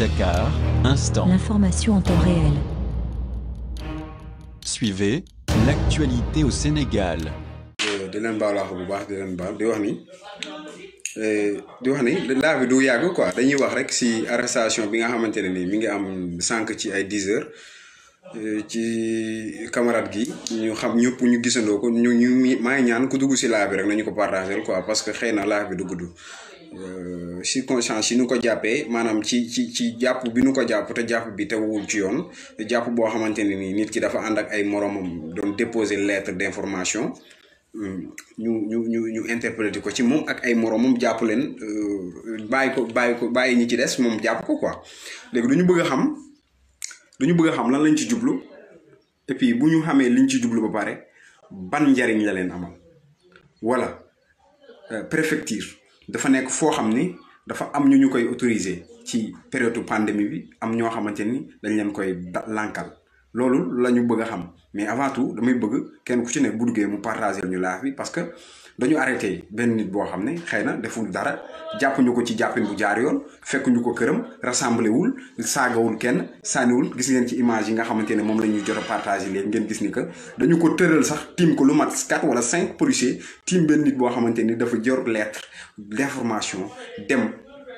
Dakar, instant. L'information en temps réel. Suivez l'actualité au Sénégal. parce que du euh, si yi nu ko jàppee maanaam ci ci ci jàpp nous nu ko bi ci yoon nous, lettre d'information euh, ñu ñu ñu ñu interpréter ci ak ay quoi xam et puis bu ñu liñ ci ba voilà euh, préfecture dafa nekk foo xam ni dafa am ñu ñu koy autorisé ci période pandémie bi am ñoo xamante ni dañ leen koy lànkal loolu lañu bëgg a xam mais avant tout damay bëgg kenn ku ci ne bu duggee mu partager ñu laaf bi parce que dañu arrêté benn nit boo xam ne xëy na deful dara jàppuñu ko ci jàppin bu jaar yoon fekkuñu ko këram rassemblé wul saagawul kenn sànniwul gis ngeen ci image yi nga xamante ne moom lañuy ñuy jot a partagé léegi ngeen gis ni que dañu ko tëral sax tiim ko lu mat quatre wala cinq policiers tiim benn nit boo xamante ni dafa jor lettre d'information dem.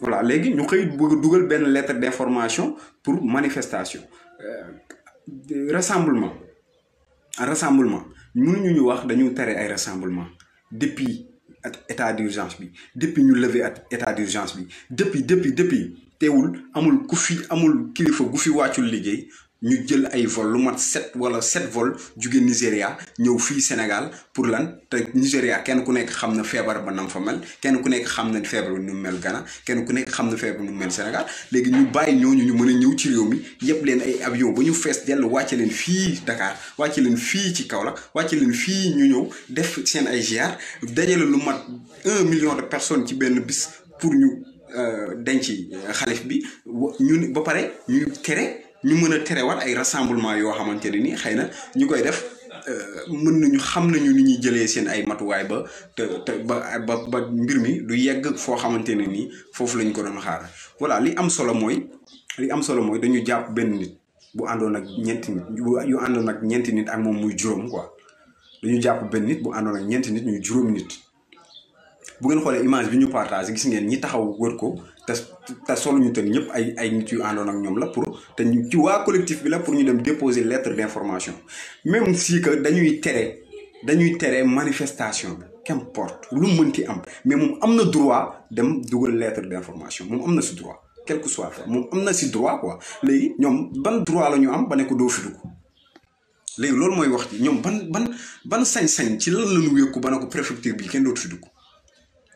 voilà légui ñu xey lettre d'information pour manifestation euh, rassemblement rassemblement nous ñu wax dañu téré ay rassemblement depuis état d'urgence bi depuis ñu lever état d'urgence bi depuis depuis depuis téwul amul kufi amul kilifa gu fi waccul liggéey ñu jël ay vol lu mat 7 wala 7 vol jóge Nigeria ñew fi Sénégal pour lan te Nigéria kenn ku nekk xamna na ba nam fa mel kenn ku nekk xamna na ñu mel Ghana kenn ku nekk xamna na ñu mel Sénégal légui ñu bay ñoo ñu mëna a ñëw ci réew mi yépp leen ay avion bu ñu fess dell waccé leen fi Dakar waccé leen fi ci Kaolack waccé leen fi ñu ñëw def seen ay ziar dajé lu mat 1 million de personnes ci benn bis pour ñu euh denc xalif bi ñu ba paré ñu tere. ñu mën a terewaat ay rassemblement yoo xamante ne ni xëy na ñu koy def euh, mën nañu xam nañu ni ñuy jëlee seen ay matuwaay ba te te ba ba ba mbir mi du yegg foo xamante ne nii foofu lañ ko doon xaar voilà li am solo mooy li am solo mooy dañu jàpp benn nit bu àndoon ak ñeenti nit yu àndoon ak ñeenti nit ak moom muy juróom quoi dañu jàpp benn nit bu àndoon ak ñeenti nit ñuy juróom nit. bu ngeen xoolee image bi ñu partagé gis ngeen ñi taxaw wër ko te te ñu te ñëpp ay ay nit yu àndoon ak ñoom la pour te ñu ci waa collectif bi la pour ñu dem déposer lettre d'information même si que dañuy tere dañuy tere manifestation bi qu'importe lu mënti am mais moom am na droit dem dugal lettre d'information moom am na si droit quel que soit moom am na si droit quoi léegi ñoom ban droit la ñu am ba ne ko doo fi dugg léegi loolu mooy wax ci ñoom ban ban ban sañ-sañ ci lan la ñu wékku ba ne ko préfecture bi kenn dootu fi dugg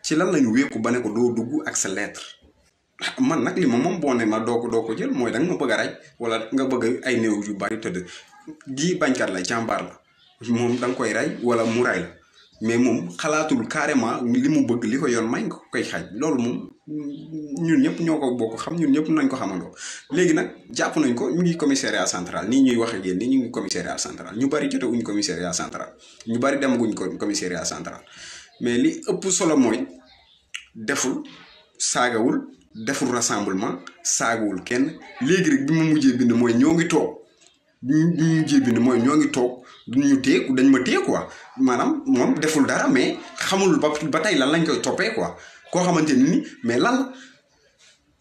ci lan lañu wéeku bané ko do duggu ak sa lettre man nak li ma moom boo ma doko doko jël moy nga bëgg wala nga bëgg ay néw yu bari tëdd gii bañkat la jambar la mom dang koy ray wala mu ray mais mom xalaatul carrément li mu bëgg liko ko yoon may ko koy xaj loolu mom ñun ñëpp ñoko bokk xam ñun ñëpp nañ ko xamando légui nak japp nañ ko ñu ngi commissariat central ni ñuy wax ak ni ñu ngi commissariat central ñu bari jote uñ commissariat central ñu bari guñ ko commissariat central mais li ëpp solo mooy deful saagawul deful rassemblement saagawul kenn léegi rek bi mu mujjee bind mooy ñoo ngi toog bi mu mujjee bind mooy ñoo ngi toog du ñu téye dañ ma téye quoi maanaam moom deful dara mais xamul ba ba tey lan lañ koy toppee quoi koo xamante ni mais lan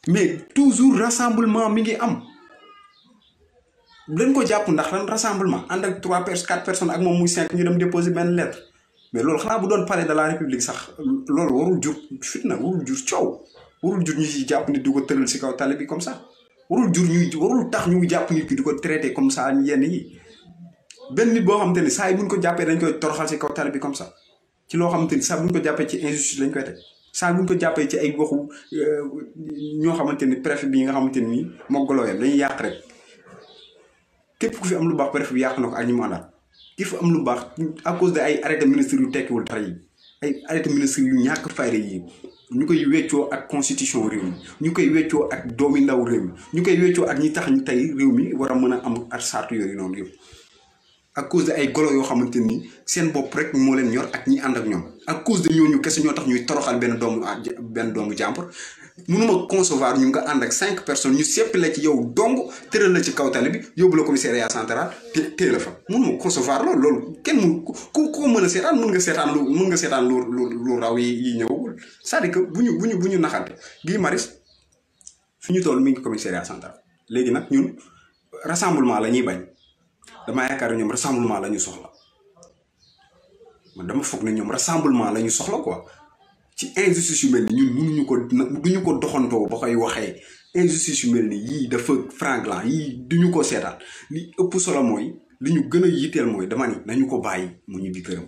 mais toujours rassemblement mi ngi am dañ ko jàpp ndax lan rassemblement ànd ak trois personnes quatre personnes ak moom muy cinq ñu dem déposer benn lettre mais loolu xanaa bu doon pare de la république sax loolu warul jur fitna warul jur coow warul jur ñu ci jàpp nit di ko tëral si kaw tali bi comme sax warul jur ñuy warul tax ñu jàpp nit ki di ko traité comme ça yenn yi benn nit boo xamante ne saa yi buñ ko jàppee dañ koy toroxal si kaw tali bi comme ça ci loo xamante ni saa buñ ko jàppee ci injustice lañ koy teg saa buñ ko jàppee ci ay waxu euh, ñoo xamante ni préfet bi nga xamante ni moog golooyam dañuy yàq rek képp ku fi am lu baax préfet bi yàq na ko ak ñi mu àndal di fa am lu baax à de ay arrêté ministre yu tekkiwul dara yi ay arrêté ministre yu ñàkk fayre yi ñu koy weccoo ak constitution réew mi ñu koy weccoo ak doomi ndaw réew mi ñu koy weccoo ak ñi tax ñu tey réew mi war a mën a am ak sartu yooyu noonu yëpp à cause ay golo yoo xamante ni seen bopp rek moo leen ñor ak ñi ànd ak ñoom à cause de ñooñu kese ñoo tax ñuy toroxal benn doomu benn doomu jàmbur mënuma concevoir ñu nga ànd ak cinq personnes ñu seppi la ci yow dong tëral ci kaw tali bi yóbbu la commissariat central te tée la fa mënuma concevoir loolu loolu kenn mun ku ko mën a seetaan mën nga seetaan lu mën nga seetaan lu raw yi yi ñëwagul c'est-à-dire que bu ñu bu ñu bu ñu naxante gii Marius fi ñu toll mi ngi commissariat central léegi nag ñun rassemblement la ñuy bañ damaa yaakaar ñoom rassemblement la ñu soxla man dama foog ne ñoom rassemblement la ñu soxla ko ci injustice yu mel ni ñun mënuñu ko duñu ko doxantoo ba koy waxee injustice yu mel ni yii dafa franglan yii duñu ko seetaan li ëpp solo mooy li ñu gën a yitteel mooy dama ni nañu ko bàyyi mu ñibbi këram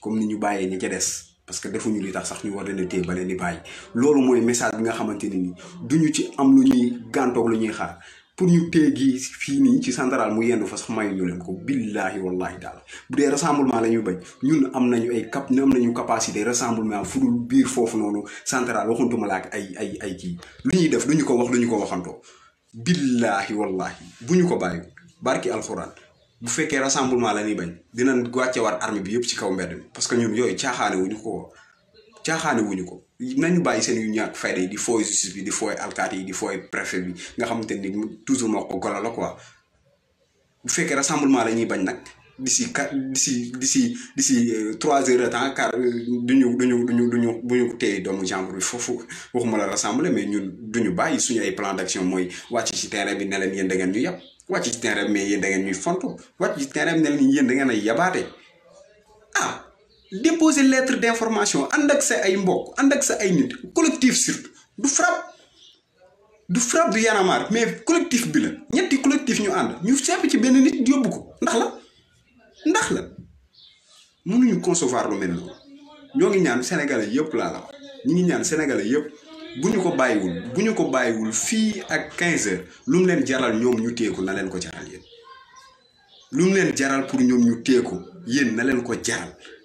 comme ni ñu bàyyee ñi ca des parce que defuñu li tax sax ñu war leen a téye ba leen bàyyi loolu mooy message bi nga xamante ni ni duñu ci am lu ñuy gàntoog lu ñuy xaar pour ñu téye gii fii nii ci central mu yendu fa sax mayu ñu leen ko billaahi wallahi taala bu dee rassemblement la ñuy bañ ñun am nañu ay cap am nañu capacité rassemblement fudul biir foofu noonu central waxuntuma la ak ay ay ay kii lu ñuy def lu ñu ko wax lu ñu ko waxantoo billaahi wallahi bu ñu ko bàyyi barki alxuraan bu fekkee rassemblement la ñuy bañ dinañ wàcce war armée bi yëpp ci kaw mbedd mi parce que ñun yooyu caaxaane ñu ko caaxaane ko nañu bàyyi seen yu ñàkk fayda yi di fooy justice bi di fooy alkaati yi di fooy préfet bi nga xamante ni toujours moo ko gola la quoi bu fekkee rassemblement la ñuy bañ nag d'ici quatre d'ici d'ici d'ici euh, trois heures de temps car euh, duñu duñu duñu duñu duñu téye doomu jàmbur bi foofu waxuma la rassembler mais ñun duñu bàyyi suñu ay plan d'action mooy wàcc ci terrain bi ne leen yéen da ngeen ñu yab wàcc ci terrain da ngeen ñuy fonto wàcc ci terrain bi ne yéen da ngeen a yabaate ah déposer lettre d'information ànd ak sa ay mbokk ànd ak sa ay nit collectif surtout du frappe du frappe du yanamar mais collectif bi la ñetti collectif ñu and ñu sepp ci benn nit yóbbu ko ndax la ndax la mënuñu concevoir lu mel noonu ñoo ngi ñaan sénégalais yëpp laa la wax ñi ngi ñaan sénégalais yëpp bu ñu ko bàyyiwul bu ñu ko bàyyiwul fii ak 15 heures lu mu leen jaral ñoom ñu téeku na leen ko jaral yéen lu mu leen jaral pour ñoom ñu téeku yéen na leen ko jaral